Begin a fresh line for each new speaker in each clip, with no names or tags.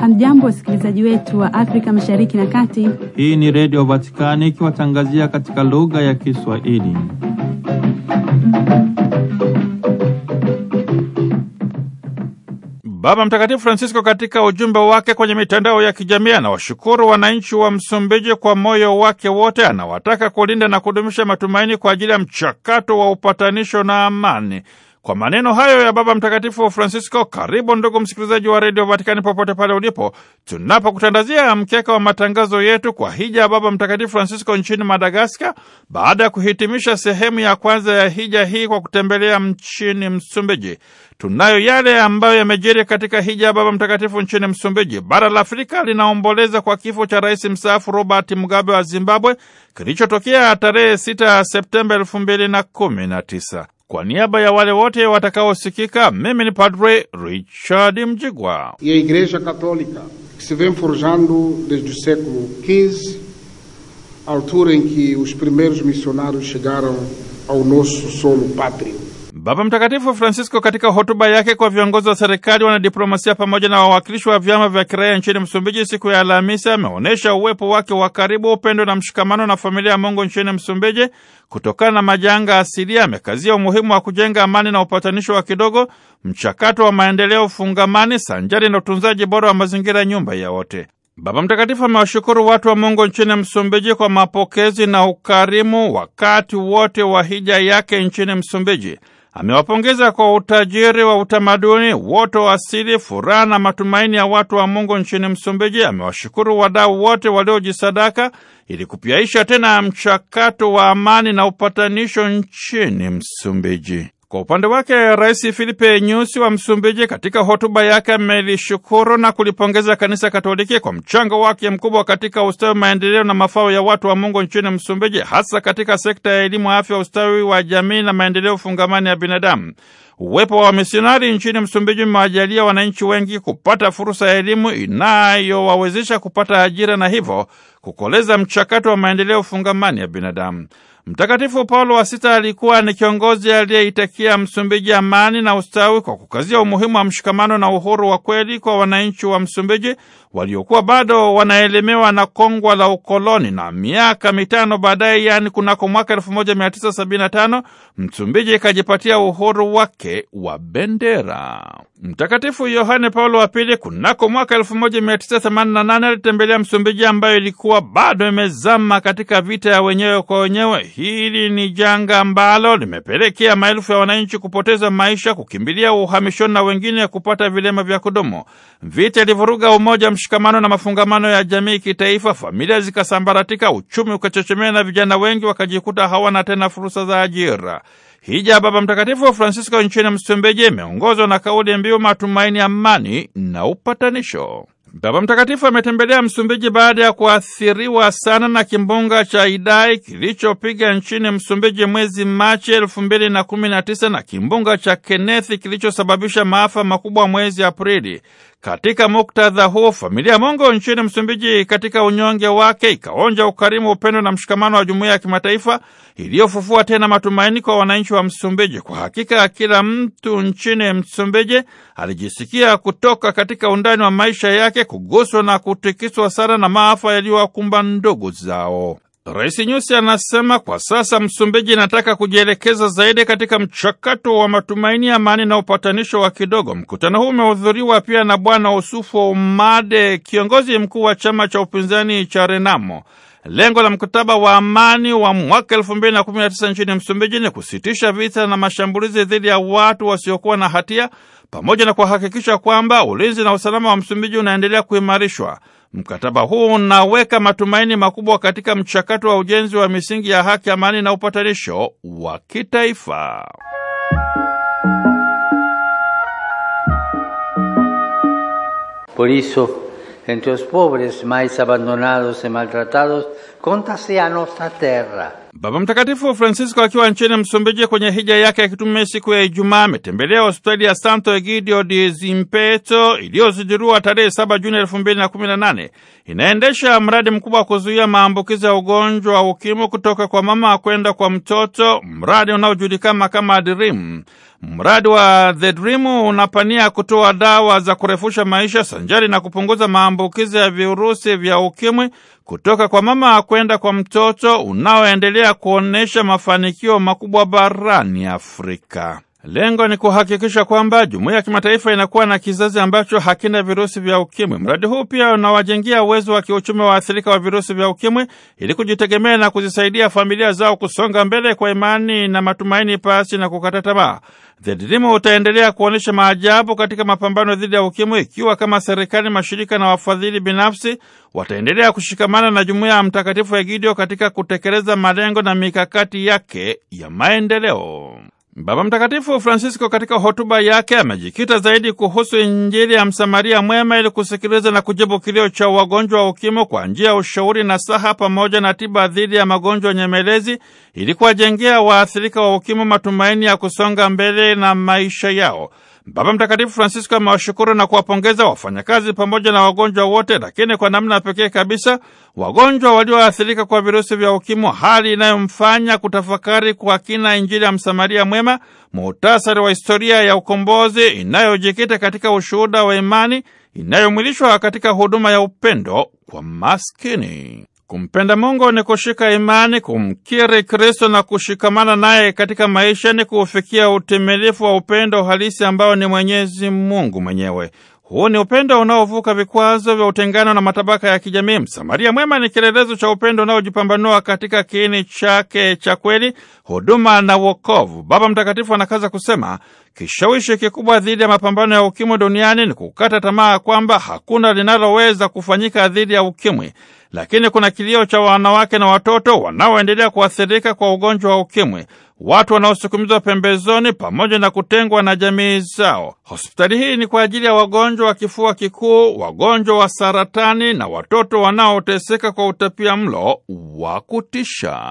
Hamjambo, wasikilizaji wetu wa Afrika Mashariki na Kati.
Hii ni Redio Vatikani ikiwatangazia katika lugha ya Kiswahili. Baba Mtakatifu Francisco katika ujumbe wake kwenye mitandao ya kijamii anawashukuru wananchi wa Msumbiji kwa moyo wake wote. Anawataka kulinda na kudumisha matumaini kwa ajili ya mchakato wa upatanisho na amani. Kwa maneno hayo ya Baba Mtakatifu Francisco, karibu ndugu msikilizaji wa redio Vatikani popote pale ulipo, tunapokutandazia mkeka wa matangazo yetu kwa hija ya Baba Mtakatifu Francisco nchini Madagaskar, baada ya kuhitimisha sehemu ya kwanza ya hija hii kwa kutembelea nchini Msumbiji. Tunayo yale ambayo yamejiri katika hija ya Baba Mtakatifu nchini Msumbiji. Bara la Afrika linaomboleza kwa kifo cha rais mstaafu Robert Mugabe wa Zimbabwe kilichotokea tarehe 6 Septemba 2019. Kwa niaba ya wale wote watakaosikika, mimi ni Padre Richard Mjigwa. E a Igreja Católica que se vem forjando desde o século XV, altura em que os primeiros missionários chegaram ao nosso solo pátrio. Baba Mtakatifu Francisco katika hotuba yake kwa viongozi wa serikali, wanadiplomasia pamoja na wawakilishi wa vyama vya kiraia nchini Msumbiji siku ya Alhamisi ameonyesha uwepo wake wa karibu, upendo na mshikamano na familia ya Mungu nchini Msumbiji kutokana na majanga asilia. Amekazia umuhimu wa kujenga amani na upatanisho wa kidogo, mchakato wa maendeleo fungamani sanjari na utunzaji bora wa mazingira, nyumba ya wote. Baba Mtakatifu amewashukuru watu wa Mungu nchini Msumbiji kwa mapokezi na ukarimu wakati wote wa hija yake nchini Msumbiji. Amewapongeza kwa utajiri wa utamaduni, woto wa asili, furaha na matumaini ya watu wa Mungu nchini Msumbiji. Amewashukuru wadau wote waliojisadaka ili kupyaisha tena mchakato wa amani na upatanisho nchini Msumbiji. Kwa upande wake Rais Filipe Nyusi wa Msumbiji katika hotuba yake amelishukuru na kulipongeza Kanisa Katoliki kwa mchango wake mkubwa katika ustawi, maendeleo na mafao ya watu wa Mungu nchini Msumbiji, hasa katika sekta ya elimu, afya, ustawi wa jamii na maendeleo fungamani ya binadamu. Uwepo wa misionari nchini Msumbiji umewajalia wananchi wengi kupata fursa ya elimu inayowawezesha kupata ajira na hivyo kukoleza mchakato wa maendeleo fungamani ya binadamu. Mtakatifu Paulo wa Sita alikuwa ni kiongozi aliyeitakia Msumbiji amani na ustawi kwa kukazia umuhimu wa mshikamano na uhuru wa kweli kwa wananchi wa Msumbiji waliokuwa bado wanaelemewa na kongwa la ukoloni. Na miaka mitano baadaye, yaani kunako mwaka 1975 Msumbiji ikajipatia uhuru wake wa bendera. Mtakatifu Yohane Paulo wa Pili kunako mwaka 1988 alitembelea Msumbiji ambayo ilikuwa bado imezama katika vita ya wenyewe kwa wenyewe. Hili ni janga ambalo limepelekea maelfu ya wananchi kupoteza maisha, kukimbilia uhamishoni na wengine kupata vilema vya kudumu. Vita ilivuruga umoja mshikamano na mafungamano ya jamii kitaifa, familia zikasambaratika, uchumi ukachochemea na vijana wengi wakajikuta hawana tena fursa za ajira. Hija ya Baba Mtakatifu wa Francisco nchini Msumbiji imeongozwa na kauli mbiu matumaini, amani na upatanisho. Baba Mtakatifu ametembelea Msumbiji baada ya kuathiriwa sana na kimbunga cha Idai kilichopiga nchini Msumbiji mwezi Machi elfu mbili na kumi na tisa na kimbunga cha Kenethi kilichosababisha maafa makubwa mwezi Aprili. Katika muktadha huo, familia Mungu nchini Msumbiji katika unyonge wake ikaonja ukarimu, upendo na mshikamano wa jumuiya ya kimataifa iliyofufua tena matumaini kwa wananchi wa Msumbiji. Kwa hakika kila mtu nchini Msumbiji alijisikia kutoka katika undani wa maisha yake, kuguswa na kutikiswa sana na maafa yaliyowakumba ndugu zao. Rais Nyusi anasema kwa sasa Msumbiji inataka kujielekeza zaidi katika mchakato wa matumaini, amani na upatanisho wa kidogo. Mkutano huu umehudhuriwa pia na Bwana Usufu Umade, kiongozi mkuu wa chama cha upinzani cha Renamo. Lengo la mkataba wa amani wa mwaka elfu mbili na kumi na tisa nchini Msumbiji ni kusitisha vita na mashambulizi dhidi ya watu wasiokuwa na hatia pamoja na kuhakikisha kwamba ulinzi na usalama wa Msumbiji unaendelea kuimarishwa. Mkataba huu unaweka matumaini makubwa katika mchakato wa ujenzi wa misingi ya haki, amani na upatanisho wa kitaifa.
Por eso, entre los pobres mais abandonados y maltratados, contase a nuestra terra
Baba Mtakatifu Francisco akiwa nchini Msumbiji kwenye hija yake ya kitume siku ya Ijumaa ametembelea hospitali ya Santo Egidio di Zimpeto iliyozinduliwa tarehe 7 Juni 2018. Inaendesha mradi mkubwa wa kuzuia maambukizi ya ugonjwa wa ukimwi kutoka kwa mama kwenda kwa mtoto, mradi unaojulikana kama DREAM. Mradi wa The Dream unapania kutoa dawa za kurefusha maisha sanjari na kupunguza maambukizi ya virusi vya ukimwi kutoka kwa mama kwenda kwa mtoto unaoendelea kuonyesha mafanikio makubwa barani Afrika. Lengo ni kuhakikisha kwamba jumuiya ya kimataifa inakuwa na kizazi ambacho hakina virusi vya ukimwi. Mradi huu pia unawajengia uwezo wa kiuchumi waathirika wa virusi vya ukimwi ili kujitegemea na kuzisaidia familia zao kusonga mbele kwa imani na matumaini, pasi na kukata tamaa. ZEDILIMU utaendelea kuonyesha maajabu katika mapambano dhidi ya ukimwi ikiwa kama serikali, mashirika na wafadhili binafsi wataendelea kushikamana na jumuiya ya Mtakatifu Egidio katika kutekeleza malengo na mikakati yake ya maendeleo. Baba Mtakatifu Francisco katika hotuba yake amejikita zaidi kuhusu Injili ya Msamaria mwema ili kusikiliza na kujibu kilio cha wagonjwa wa ukimwi kwa njia ya ushauri na saha pamoja na tiba dhidi ya magonjwa nyemelezi ili kuwajengea waathirika wa ukimwi matumaini ya kusonga mbele na maisha yao. Baba Mtakatifu Francisco amewashukuru na kuwapongeza wafanyakazi pamoja na wagonjwa wote, lakini kwa namna pekee kabisa wagonjwa walioathirika kwa virusi vya ukimwi, hali inayomfanya kutafakari kwa kina Injili ya Msamaria Mwema, muhtasari wa historia ya ukombozi inayojikita katika ushuhuda wa imani inayomwilishwa katika huduma ya upendo kwa maskini. Kumpenda Mungu ni kushika imani, kumkiri Kristo na kushikamana naye katika maisha, ni kuufikia utimilifu wa upendo halisi ambao ni Mwenyezi Mungu mwenyewe. Huu ni upendo unaovuka vikwazo vya utengano na matabaka ya kijamii. Msamaria mwema ni kielelezo cha upendo unaojipambanua katika kiini chake cha kweli, huduma na wokovu. Baba Mtakatifu anakaza kusema, kishawishi kikubwa dhidi ya mapambano ya ukimwi duniani ni kukata tamaa kwamba hakuna linaloweza kufanyika dhidi ya ukimwi lakini kuna kilio cha wanawake na watoto wanaoendelea kuathirika kwa ugonjwa wa ukimwi, watu wanaosukumizwa pembezoni pamoja na kutengwa na jamii zao. Hospitali hii ni kwa ajili ya wagonjwa wa kifua kikuu, wagonjwa wa saratani na watoto wanaoteseka kwa utapia mlo wa kutisha.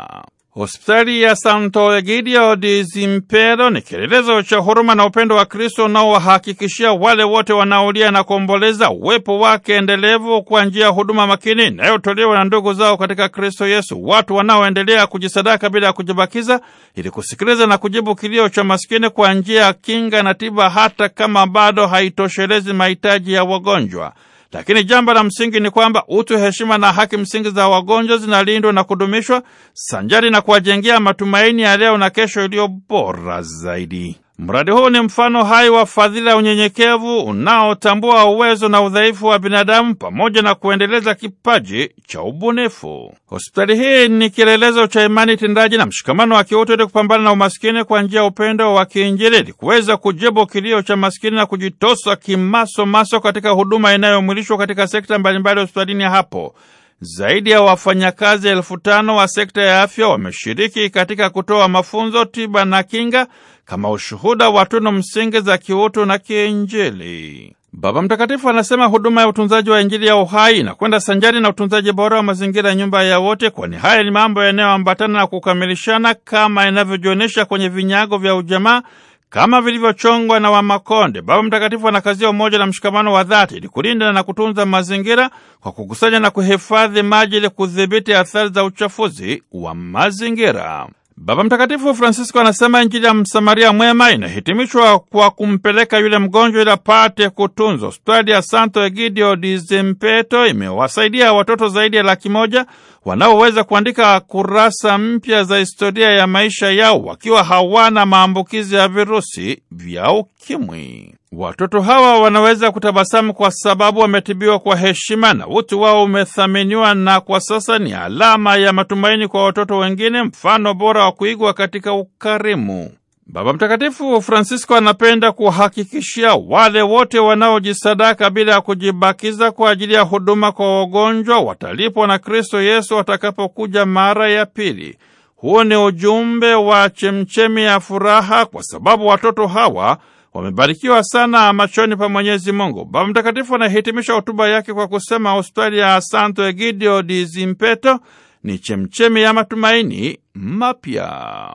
Hospitali ya Santo Egidio di Zimpero ni kielelezo cha huruma na upendo wa Kristo unaowahakikishia wale wote wanaolia na kuomboleza uwepo wake endelevu kwa njia ya huduma makini inayotolewa na ndugu zao katika Kristo Yesu, watu wanaoendelea kujisadaka bila ya kujibakiza ili kusikiliza na kujibu kilio cha maskini kwa njia ya kinga na tiba, hata kama bado haitoshelezi mahitaji ya wagonjwa. Lakini jambo la msingi ni kwamba utu, heshima na haki msingi za wagonjwa zinalindwa na kudumishwa sanjari na kuwajengea matumaini ya leo na kesho iliyo bora zaidi. Mradi huu ni mfano hai wa fadhila ya unyenyekevu unaotambua uwezo na udhaifu wa binadamu pamoja na kuendeleza kipaji cha ubunifu. Hospitali hii ni kielelezo cha imani tendaji na mshikamano wa kiutu ili kupambana na umaskini kwa njia ya upendo wa kiinjili ili kuweza kujibu kilio cha maskini na kujitosa kimasomaso katika huduma inayomwilishwa katika sekta mbalimbali hospitalini hapo. Zaidi ya wafanyakazi elfu tano wa sekta ya afya wameshiriki katika kutoa mafunzo, tiba na kinga kama ushuhuda wa tunu msingi za kiutu na kiinjili. Baba Mtakatifu anasema huduma ya utunzaji wa Injili ya uhai inakwenda sanjari na utunzaji bora wa mazingira ya nyumba ya wote, kwani haya ni mambo yanayoambatana na kukamilishana kama inavyojionyesha kwenye vinyago vya ujamaa kama vilivyochongwa na Wamakonde. Baba Mtakatifu anakazia umoja na mshikamano wa dhati ili kulinda na kutunza mazingira kwa kukusanya na kuhifadhi maji ili kudhibiti athari za uchafuzi wa mazingira. Baba Mtakatifu Francisco anasema Injili ya Msamaria mwema inahitimishwa kwa kumpeleka yule mgonjwa ili apate kutunzwa. Hospitali ya Santo Egidio di Zimpeto imewasaidia watoto zaidi ya laki moja wanaoweza kuandika kurasa mpya za historia ya maisha yao wakiwa hawana maambukizi ya virusi vya UKIMWI. Watoto hawa wanaweza kutabasamu kwa sababu wametibiwa kwa heshima na utu wao umethaminiwa, na kwa sasa ni alama ya matumaini kwa watoto wengine, mfano bora wa kuigwa katika ukarimu. Baba Mtakatifu Francisco anapenda kuwahakikishia wale wote wanaojisadaka bila ya kujibakiza kwa ajili ya huduma kwa wagonjwa watalipwa na Kristo Yesu atakapokuja mara ya pili. huu ni ujumbe wa chemchemi ya furaha, kwa sababu watoto hawa wamebarikiwa sana machoni pa Mwenyezi Mungu. Baba Mtakatifu anahitimisha hotuba yake kwa kusema hospitali ya Santo Egidio di Zimpeto ni chemchemi ya matumaini mapya.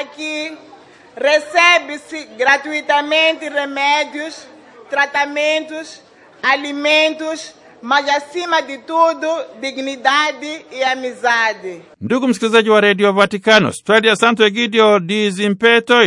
Aqui recebe-se gratuitamente remedios, tratamentos, alimentos mas acima de tudo dignidade e amizade.
Ndugu msikilizaji wa redio Vatikano, Australia Santo Egidio di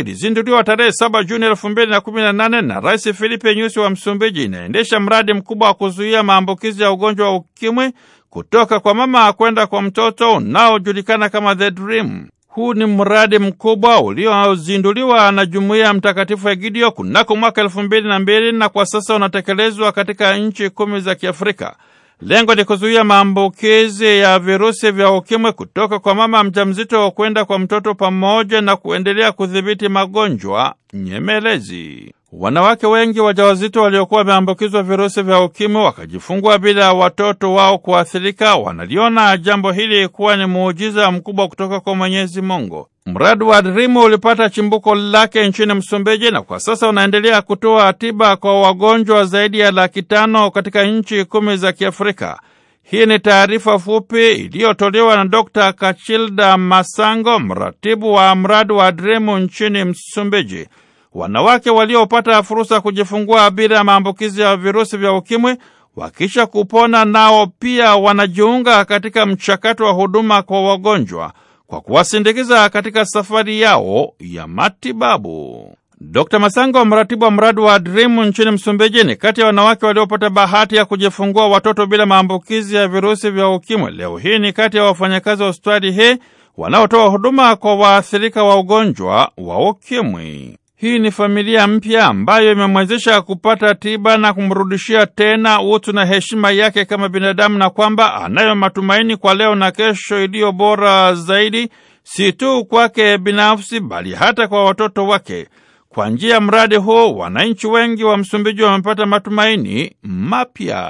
ilizinduliwa tarehe saba Juni 2018 na na na Rais Filipe Nyusi wa Msumbiji. Inaendesha mradi mkubwa wa kuzuia maambukizi ya ugonjwa wa ukimwi kutoka kwa mama kwenda kwa mtoto unaojulikana kama The Dream. Huu ni mradi mkubwa uliozinduliwa na Jumuiya ya Mtakatifu Egidio kunako mwaka elfu mbili na mbili na kwa sasa unatekelezwa katika nchi kumi za Kiafrika. Lengo ni kuzuia maambukizi ya virusi vya ukimwi kutoka kwa mama mjamzito kwenda kwa mtoto pamoja na kuendelea kudhibiti magonjwa nyemelezi. Wanawake wengi wajawazito waliokuwa wameambukizwa virusi vya ukimwi wakajifungua bila watoto wao kuathirika, wanaliona jambo hili kuwa ni muujiza mkubwa kutoka kwa Mwenyezi Mungu. Mradi wa DRIMU ulipata chimbuko lake nchini Msumbiji na kwa sasa unaendelea kutoa tiba kwa wagonjwa zaidi ya laki tano katika nchi kumi za Kiafrika. Hii ni taarifa fupi iliyotolewa na Dr. Kachilda Masango, mratibu wa mradi wa DRIMU nchini Msumbiji wanawake waliopata fursa ya kujifungua bila ya maambukizi ya virusi vya ukimwi wakisha kupona nao pia wanajiunga katika mchakato wa huduma kwa wagonjwa kwa kuwasindikiza katika safari yao ya matibabu. Dr. Masango, mratibu wa mradi wa Dream nchini Msumbiji, ni kati ya wanawake waliopata bahati ya kujifungua watoto bila maambukizi ya virusi vya ukimwi. Leo hii ni kati ya wafanyakazi wa hospitali hii wanaotoa huduma kwa waathirika wa ugonjwa wa ukimwi. Hii ni familia mpya ambayo imemwezesha kupata tiba na kumrudishia tena utu na heshima yake kama binadamu, na kwamba anayo matumaini kwa leo na kesho iliyo bora zaidi, si tu kwake binafsi, bali hata kwa watoto wake. Kwa njia ya mradi huo, wananchi wengi wa Msumbiji wamepata matumaini mapya.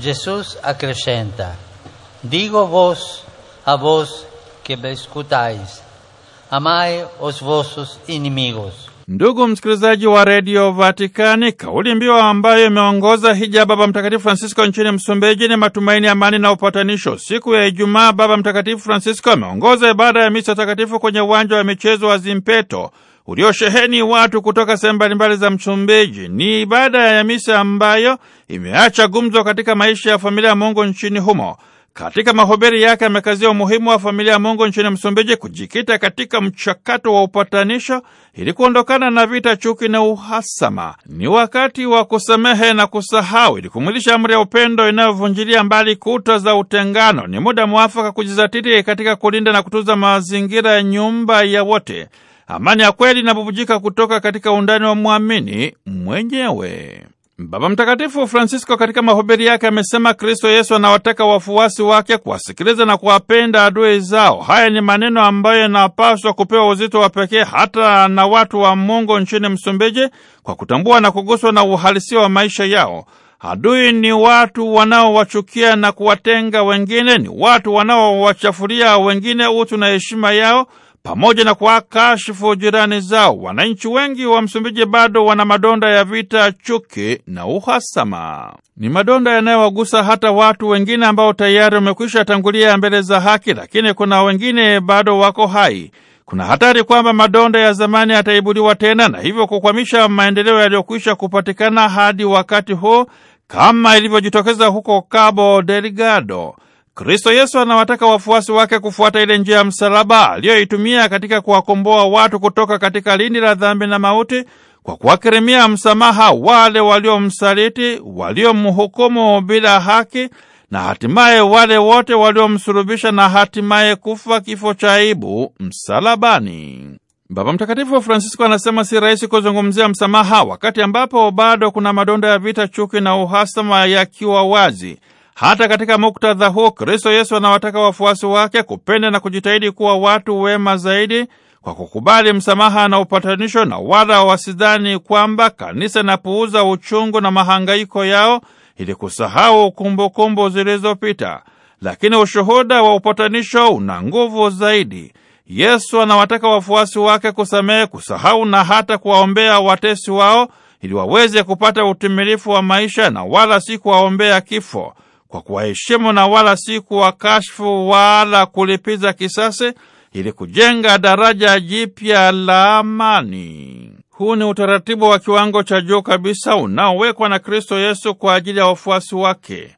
Jesus acrescenta digo vos a vos que me escutais Amai os vosos inimigos. Ndugu msikilizaji
wa redio Vatikani, kauli mbiu ambayo imeongoza hija Baba Mtakatifu Francisco nchini Msumbiji ni matumaini, amani na upatanisho. Siku ya Ijumaa, Baba Mtakatifu Francisco ameongoza ibada ya misa takatifu kwenye uwanja wa michezo wa Zimpeto uliosheheni watu kutoka sehemu mbalimbali za Msumbiji. Ni ibada ya misa ambayo imeacha gumzo katika maisha ya familia ya Mungu nchini humo. Katika mahubiri yake amekazia umuhimu wa familia ya Mungu nchini Msumbiji kujikita katika mchakato wa upatanisho ili kuondokana na vita, chuki na uhasama. Ni wakati wa kusamehe na kusahau ili kumwilisha amri ya upendo inayovunjilia mbali kuta za utengano. Ni muda mwafaka kujizatiti katika kulinda na kutunza mazingira ya nyumba ya wote. Amani ya kweli inabubujika kutoka katika undani wa mwamini mwenyewe. Baba Mtakatifu Francisco katika mahubiri yake amesema Kristo Yesu anawataka wafuasi wake kuwasikiliza na kuwapenda adui zao. Haya ni maneno ambayo yanapaswa kupewa uzito wa pekee hata na watu wa Mungu nchini Msumbiji kwa kutambua na kuguswa na uhalisia wa maisha yao. Adui ni watu wanaowachukia na kuwatenga wengine, ni watu wanaowachafuria wengine utu na heshima yao pamoja na kuwakashifu jirani zao. Wananchi wengi wa Msumbiji bado wana madonda ya vita, chuki na uhasama. Ni madonda yanayowagusa hata watu wengine ambao tayari wamekwisha tangulia mbele za haki, lakini kuna wengine bado wako hai. Kuna hatari kwamba madonda ya zamani yataibuliwa tena na hivyo kukwamisha maendeleo yaliyokwisha kupatikana hadi wakati huu, kama ilivyojitokeza huko Cabo Delgado. Kristo Yesu anawataka wafuasi wake kufuata ile njia ya msalaba aliyoitumia katika kuwakomboa watu kutoka katika lindi la dhambi na mauti kwa kuwakirimia msamaha wale waliomsaliti, waliomhukumu bila haki na hatimaye wale wote waliomsulubisha na hatimaye kufa kifo cha aibu msalabani. Baba Mtakatifu Francisco anasema si rahisi kuzungumzia msamaha wakati ambapo bado kuna madonda ya vita, chuki na uhasama yakiwa wazi. Hata katika muktadha huu, Kristo Yesu anawataka wafuasi wake kupenda na kujitahidi kuwa watu wema zaidi kwa kukubali msamaha na upatanisho, na wala wasidhani kwamba kanisa inapuuza uchungu na mahangaiko yao ili kusahau kumbukumbu zilizopita. Lakini ushuhuda wa upatanisho una nguvu zaidi. Yesu anawataka wafuasi wake kusamehe, kusahau na hata kuwaombea watesi wao ili waweze kupata utimilifu wa maisha na wala si kuwaombea kifo kwa kuwaheshimu na wala si kuwakashfu wala kulipiza kisasi ili kujenga daraja jipya la amani. Huu ni utaratibu wa kiwango cha juu kabisa unaowekwa na Kristo Yesu kwa ajili ya wafuasi wake.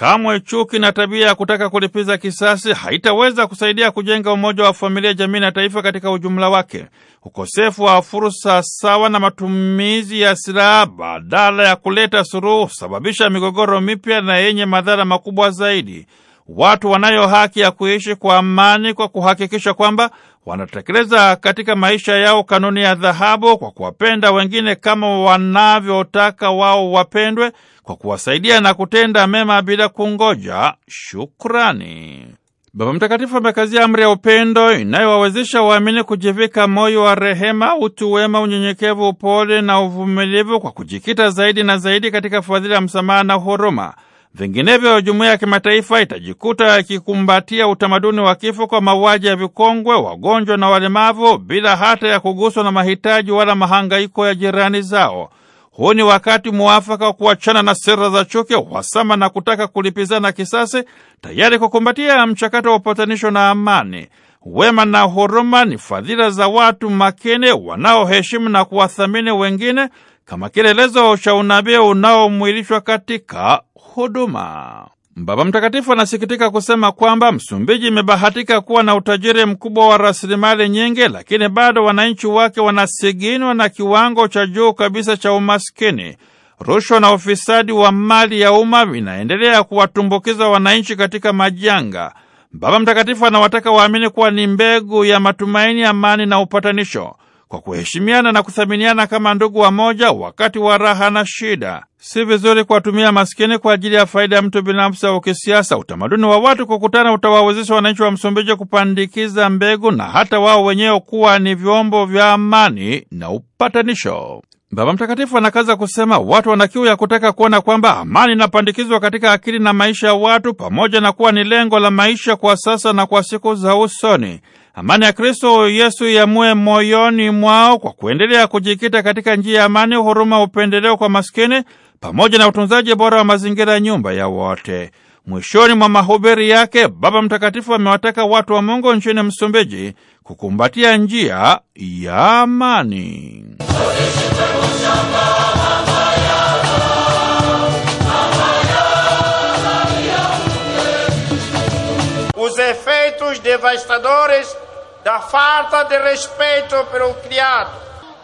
Kamwe chuki na tabia ya kutaka kulipiza kisasi haitaweza kusaidia kujenga umoja wa familia, jamii na taifa katika ujumla wake. Ukosefu wa fursa sawa na matumizi ya silaha badala ya kuleta suluhu husababisha migogoro mipya na yenye madhara makubwa zaidi. Watu wanayo haki ya kuishi kwa amani kwa kuhakikisha kwamba wanatekeleza katika maisha yao kanuni ya dhahabu kwa kuwapenda wengine kama wanavyotaka wao wapendwe, kwa kuwasaidia na kutenda mema bila kungoja shukrani. Baba Mtakatifu amekazia amri ya upendo inayowawezesha waamini kujivika moyo wa rehema, utu wema, unyenyekevu, upole na uvumilivu, kwa kujikita zaidi na zaidi katika fadhila ya msamaha na huruma. Vinginevyo jumuiya ya kimataifa itajikuta ikikumbatia utamaduni wa kifo kwa mauaji ya vikongwe, wagonjwa na walemavu bila hata ya kuguswa na mahitaji wala mahangaiko ya jirani zao. Huu ni wakati mwafaka wa kuachana na sera za chuki, uhasama na kutaka kulipizana kisasi, tayari kukumbatia mchakato wa upatanisho na amani. Wema na huruma ni fadhila za watu makini wanaoheshimu na kuwathamini wengine kama kielelezo cha unabii unaomwilishwa katika huduma. Baba Mtakatifu anasikitika kusema kwamba Msumbiji imebahatika kuwa na utajiri mkubwa wa rasilimali nyingi, lakini bado wananchi wake wanasiginwa na kiwango cha juu kabisa cha umaskini. Rushwa na ufisadi wa mali ya umma vinaendelea kuwatumbukiza wananchi katika majanga. Baba Mtakatifu anawataka waamini kuwa ni mbegu ya matumaini, amani na upatanisho, kwa kuheshimiana na kuthaminiana kama ndugu wamoja wakati wa raha na shida. Si vizuri kuwatumia maskini kwa ajili ya faida ya mtu binafsi au kisiasa. Utamaduni wa watu kukutana utawawezesha wananchi wa Msumbiji kupandikiza mbegu na hata wao wenyewe kuwa ni vyombo vya amani na upatanisho. Baba Mtakatifu anakaza kusema watu wana kiu ya kutaka kuona kwamba amani inapandikizwa katika akili na maisha ya watu, pamoja na kuwa ni lengo la maisha kwa sasa na kwa siku za usoni. Amani ya Kristo Yesu iamue moyoni mwao kwa kuendelea kujikita katika njia ya amani, huruma, upendeleo kwa maskini pamoja na utunzaji bora wa mazingira ya nyumba ya wote. Mwishoni mwa mahubiri yake, Baba Mtakatifu amewataka wa watu wa Mungu nchini Msumbiji kukumbatia njia ya amani.
Os efeitos devastadores da falta de respeito pelo criado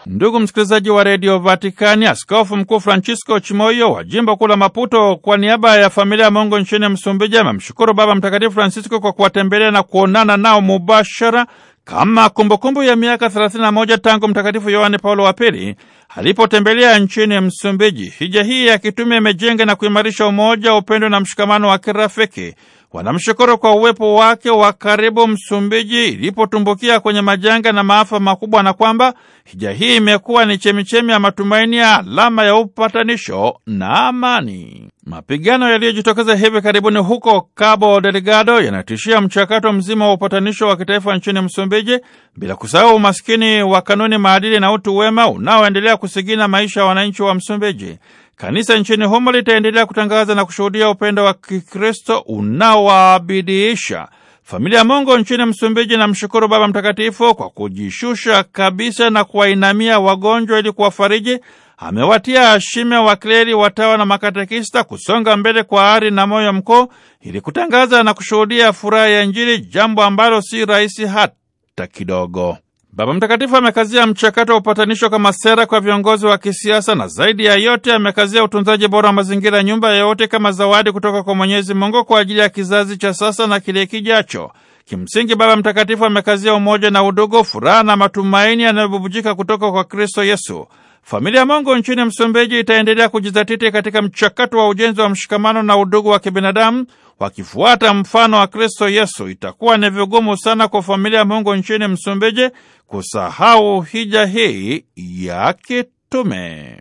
Ndugu msikilizaji wa redio Vatikani, askofu mkuu Francisco Chimoyo wa jimbo kuu la Maputo, kwa niaba ya familia ya Mungu nchini Msumbiji, amemshukuru Baba Mtakatifu Francisco kwa kuwatembelea na kuonana nao mubashara kama kumbukumbu kumbu ya miaka 31 tangu Mtakatifu Yohane Paulo wa Pili alipotembelea nchini Msumbiji. Hija hii ya kitume imejenga na kuimarisha umoja, upendo na mshikamano wa kirafiki wanamshukuru kwa uwepo wake wa karibu Msumbiji ilipotumbukia kwenye majanga na maafa makubwa, na kwamba hija hii imekuwa ni chemichemi ya matumaini ya alama ya upatanisho na amani. Mapigano yaliyojitokeza hivi karibuni huko Cabo Delgado yanatishia mchakato mzima wa upatanisho wa kitaifa nchini Msumbiji, bila kusahau umaskini wa kanuni, maadili na utu wema unaoendelea kusigina maisha ya wananchi wa Msumbiji. Kanisa nchini humo litaendelea kutangaza na kushuhudia upendo wa Kikristo unaowaabidiisha familia Mungu nchini Msumbiji. Na mshukuru Baba Mtakatifu kwa kujishusha kabisa na kuwainamia wagonjwa ili kuwafariji. Amewatia ashime wakleri, watawa na makatekista kusonga mbele kwa ari na moyo mkuu ili kutangaza na kushuhudia furaha ya Injili, jambo ambalo si rahisi hata kidogo. Baba Mtakatifu amekazia mchakato wa upatanisho kama sera kwa viongozi wa kisiasa, na zaidi ya yote amekazia utunzaji bora wa mazingira, nyumba yayote kama zawadi kutoka kwa Mwenyezi Mungu kwa ajili ya kizazi cha sasa na kile kijacho. Kimsingi, Baba Mtakatifu amekazia umoja na udugu, furaha na matumaini yanayobubujika kutoka kwa Kristo Yesu. Familia Mungu nchini Msumbiji itaendelea kujizatiti katika mchakato wa ujenzi wa mshikamano na udugu wa kibinadamu wakifuata mfano wa Kristo Yesu, itakuwa ni vigumu sana kwa familia ya Mungu nchini Msumbiji kusahau hija hii ya kitume.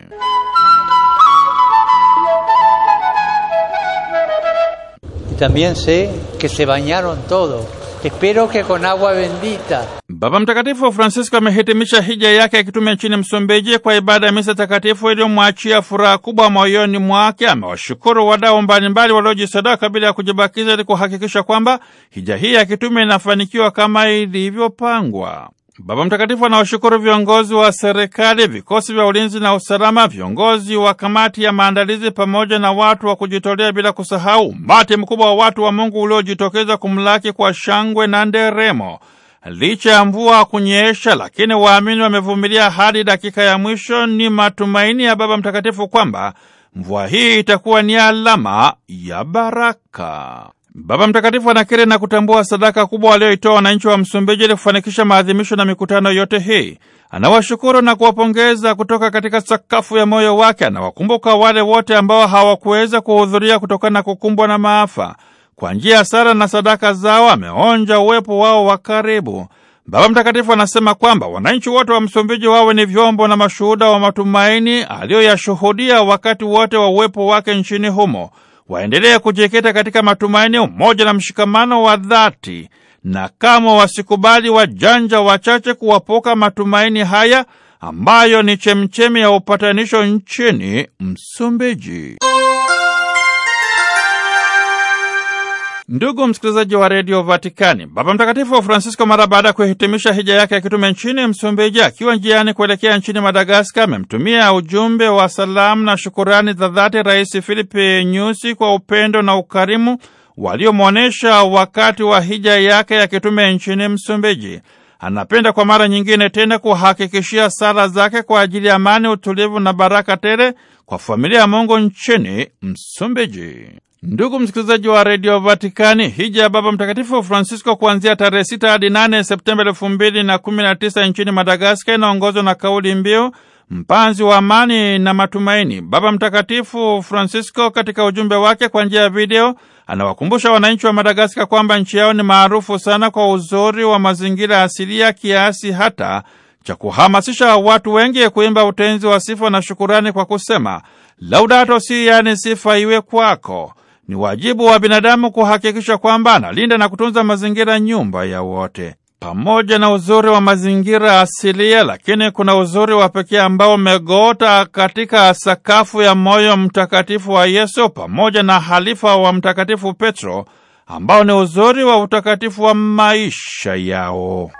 También sé que se bañaron todos Espero que con agua bendita.
Baba Mtakatifu Francisco amehitimisha hija yake ya kitume nchini Msumbiji kwa ibada ya misa takatifu iliyomwachia furaha kubwa moyoni mwake. Amewashukuru wadau mbalimbali waliojisadaka bila ya kujibakiza ili kuhakikisha kwamba hija hii ya kitume inafanikiwa kama ilivyopangwa. Baba Mtakatifu anawashukuru viongozi wa serikali, vikosi vya ulinzi na usalama, viongozi wa kamati ya maandalizi pamoja na watu wa kujitolea, bila kusahau umati mkubwa wa watu wa Mungu uliojitokeza kumlaki kwa shangwe na nderemo. Licha ya mvua kunyesha, lakini waamini wamevumilia hadi dakika ya mwisho. Ni matumaini ya Baba Mtakatifu kwamba mvua hii itakuwa ni alama ya baraka. Baba Mtakatifu anakiri na kutambua sadaka kubwa aliyoitoa wananchi wa Msumbiji ili kufanikisha maadhimisho na mikutano yote hii. Anawashukuru na kuwapongeza kutoka katika sakafu ya moyo wake. Anawakumbuka wale wote ambao hawakuweza kuhudhuria kutokana na kukumbwa na maafa. Kwa njia ya sala na sadaka zao ameonja uwepo wao wa karibu. Baba Mtakatifu anasema kwamba wananchi wote wa Msumbiji wawe ni vyombo na mashuhuda wa matumaini aliyoyashuhudia wakati wote wa uwepo wake nchini humo waendelee kujikita katika matumaini, umoja na mshikamano wa dhati, na kama wasikubali wajanja wachache kuwapoka matumaini haya ambayo ni chemchemi ya upatanisho nchini Msumbiji. Ndugu msikilizaji wa redio Vatikani, Baba Mtakatifu wa Francisco mara baada ya kuhitimisha hija yake ya kitume nchini Msumbiji, akiwa njiani kuelekea nchini Madagaskar, amemtumia ujumbe wa salamu na shukurani za dhati Rais Filipe Nyusi kwa upendo na ukarimu waliomwonyesha wakati wa hija yake ya kitume nchini Msumbiji. Anapenda kwa mara nyingine tena kuhakikishia sala zake kwa ajili ya amani, utulivu na baraka tele kwa familia ya Mungu nchini Msumbiji. Ndugu msikilizaji wa redio Vatikani, hija ya Baba Mtakatifu Francisco kuanzia tarehe sita hadi nane Septemba elfu mbili na kumi na tisa nchini madagaska inaongozwa na kauli mbiu mpanzi wa amani na matumaini. Baba Mtakatifu Francisco katika ujumbe wake kwa njia ya video anawakumbusha wananchi wa madagaska kwamba nchi yao ni maarufu sana kwa uzuri wa mazingira asilia kiasi hata cha kuhamasisha watu wengi kuimba utenzi wa sifa na shukurani kwa kusema Laudato si, yani sifa iwe kwako. Ni wajibu wa binadamu kuhakikisha kwamba analinda na kutunza mazingira, nyumba ya wote. Pamoja na uzuri wa mazingira asilia, lakini kuna uzuri wa pekee ambao umegoota katika sakafu ya moyo mtakatifu wa Yesu pamoja na halifa wa Mtakatifu Petro, ambao ni uzuri wa utakatifu wa maisha yao.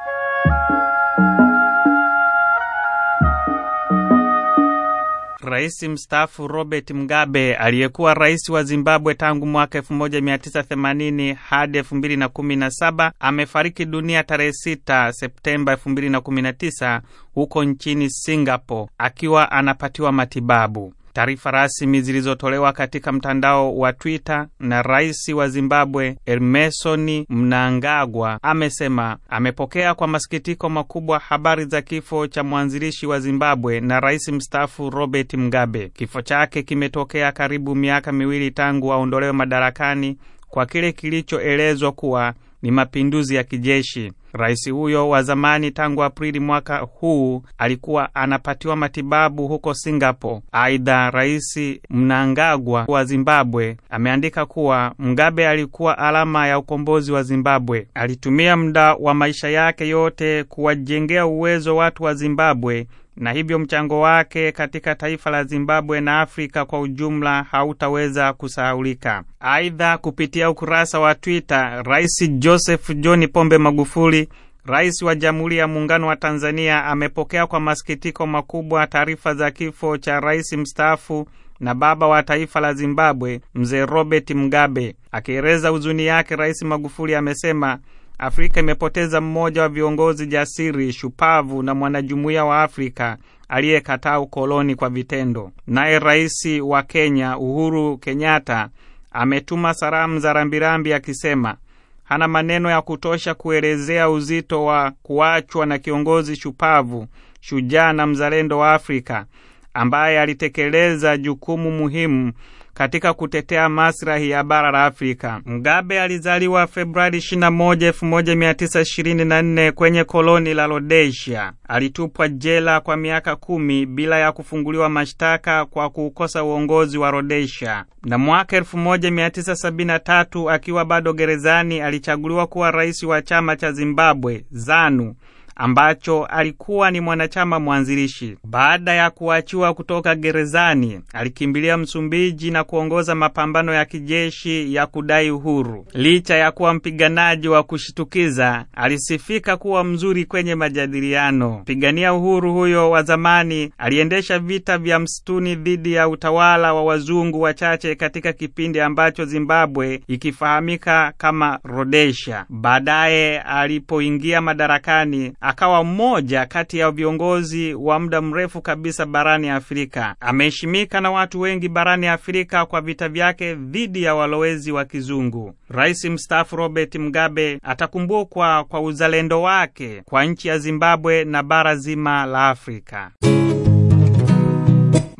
Rais mstaafu Robert Mugabe aliyekuwa rais wa Zimbabwe tangu mwaka 1980 hadi 2017 amefariki dunia tarehe 6 Septemba 2019 huko nchini Singapore akiwa anapatiwa matibabu. Taarifa rasmi zilizotolewa katika mtandao wa Twitter na rais wa Zimbabwe Emmerson Mnangagwa amesema amepokea kwa masikitiko makubwa habari za kifo cha mwanzilishi wa Zimbabwe na rais mstaafu Robert Mugabe. Kifo chake kimetokea karibu miaka miwili tangu aondolewe madarakani kwa kile kilichoelezwa kuwa ni mapinduzi ya kijeshi. Rais huyo wa zamani tangu Aprili mwaka huu alikuwa anapatiwa matibabu huko Singapore. Aidha, Rais Mnangagwa wa Zimbabwe ameandika kuwa Mugabe alikuwa alama ya ukombozi wa Zimbabwe. Alitumia muda wa maisha yake yote kuwajengea uwezo watu wa Zimbabwe na hivyo mchango wake katika taifa la Zimbabwe na Afrika kwa ujumla hautaweza kusahaulika. Aidha, kupitia ukurasa wa Twitter, Rais Joseph John Pombe Magufuli, Rais wa Jamhuri ya Muungano wa Tanzania, amepokea kwa masikitiko makubwa taarifa za kifo cha rais mstaafu na baba wa taifa la Zimbabwe, Mzee Robert Mugabe. Akieleza huzuni yake, Rais Magufuli amesema Afrika imepoteza mmoja wa viongozi jasiri, shupavu na mwanajumuiya wa Afrika aliyekataa ukoloni kwa vitendo. Naye rais wa Kenya Uhuru Kenyatta ametuma salamu za rambirambi akisema hana maneno ya kutosha kuelezea uzito wa kuachwa na kiongozi shupavu, shujaa na mzalendo wa Afrika ambaye alitekeleza jukumu muhimu katika kutetea maslahi ya bara la Afrika. mgabe alizaliwa Februari 21, 1924 kwenye koloni la Rhodesia. Alitupwa jela kwa miaka kumi bila ya kufunguliwa mashtaka kwa kuukosa uongozi wa Rhodesia, na mwaka 1973 akiwa bado gerezani alichaguliwa kuwa rais wa chama cha Zimbabwe ZANU ambacho alikuwa ni mwanachama mwanzilishi. Baada ya kuachiwa kutoka gerezani, alikimbilia Msumbiji na kuongoza mapambano ya kijeshi ya kudai uhuru. Licha ya kuwa mpiganaji wa kushitukiza, alisifika kuwa mzuri kwenye majadiliano. Mpigania uhuru huyo wa zamani aliendesha vita vya msituni dhidi ya utawala wa wazungu wachache katika kipindi ambacho Zimbabwe ikifahamika kama Rhodesia. Baadaye alipoingia madarakani akawa mmoja kati ya viongozi wa muda mrefu kabisa barani Afrika. Ameheshimika na watu wengi barani Afrika kwa vita vyake dhidi ya walowezi wa kizungu. Rais mstaafu Robert Mugabe atakumbukwa kwa uzalendo wake kwa nchi ya Zimbabwe na bara zima la Afrika.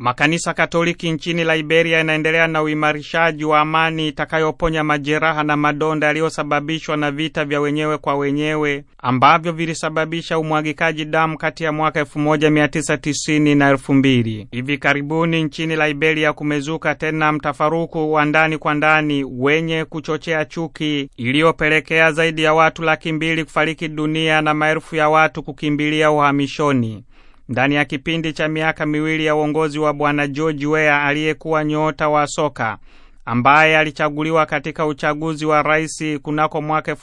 Makanisa Katoliki nchini Liberia yanaendelea na uimarishaji wa amani itakayoponya majeraha na madonda yaliyosababishwa na vita vya wenyewe kwa wenyewe ambavyo vilisababisha umwagikaji damu kati ya mwaka 1990 na 2000. Hivi karibuni nchini Liberia kumezuka tena mtafaruku wa ndani kwa ndani wenye kuchochea chuki iliyopelekea zaidi ya watu laki mbili kufariki dunia na maelfu ya watu kukimbilia uhamishoni ndani ya kipindi cha miaka miwili ya uongozi wa Bwana George Weah aliyekuwa nyota wa soka ambaye alichaguliwa katika uchaguzi wa rais kunako mwaka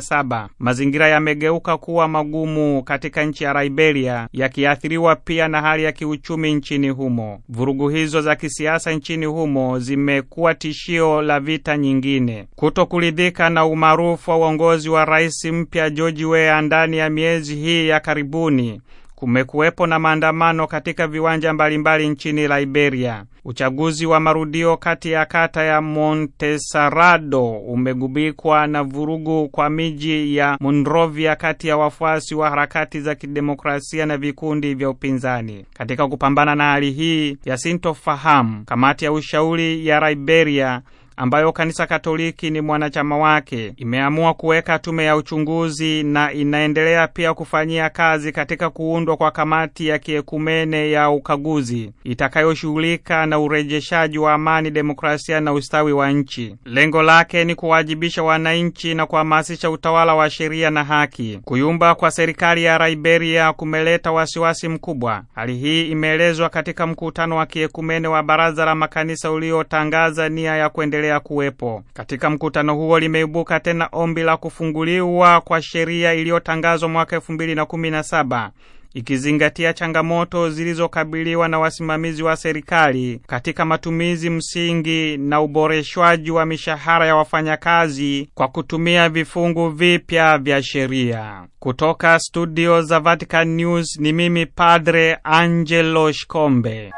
saba, Mazingira yamegeuka kuwa magumu katika nchi ya Liberia, yakiathiriwa pia na hali ya kiuchumi nchini humo. Vurugu hizo za kisiasa nchini humo zimekuwa tishio la vita nyingine. kuto kuridhika na umaarufu wa uongozi wa rais mpya George Weah ndani ya miezi hii ya karibuni kumekuwepo na maandamano katika viwanja mbalimbali nchini Liberia. Uchaguzi wa marudio kati ya kata ya Montesarado umegubikwa na vurugu kwa miji ya Monrovia kati ya wafuasi wa harakati za kidemokrasia na vikundi vya upinzani. Katika kupambana na hali hii ya sintofahamu, kamati ya ushauri ya Liberia ambayo kanisa Katoliki ni mwanachama wake, imeamua kuweka tume ya uchunguzi na inaendelea pia kufanyia kazi katika kuundwa kwa kamati ya kiekumene ya ukaguzi itakayoshughulika na urejeshaji wa amani, demokrasia na ustawi wa nchi. Lengo lake ni kuwajibisha wananchi na kuhamasisha utawala wa sheria na haki. Kuyumba kwa serikali ya Liberia kumeleta wasiwasi mkubwa. Hali hii imeelezwa katika mkutano wa kiekumene wa Baraza la Makanisa uliotangaza nia ya kuendelea ya kuwepo. Katika mkutano huo limeibuka tena ombi la kufunguliwa kwa sheria iliyotangazwa mwaka elfu mbili na kumi na saba ikizingatia changamoto zilizokabiliwa na wasimamizi wa serikali katika matumizi msingi na uboreshwaji wa mishahara ya wafanyakazi kwa kutumia vifungu vipya vya sheria. Kutoka studio za Vatican News ni mimi Padre Angelo Shikombe.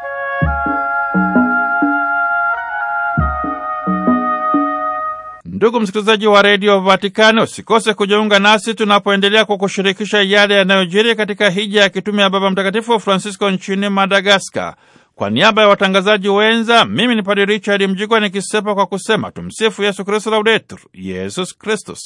Ndugu msikilizaji wa redio Vatikani, usikose kujiunga nasi tunapoendelea kwa kushirikisha yale yanayojiri katika hija ya kitume ya Baba Mtakatifu Francisco nchini Madagaskar. Kwa niaba ya watangazaji wenza, mimi ni Padre Richard Mjigwa nikisepa kwa kusema tumsifu Yesu Kristu, laudetur Yesus Kristus.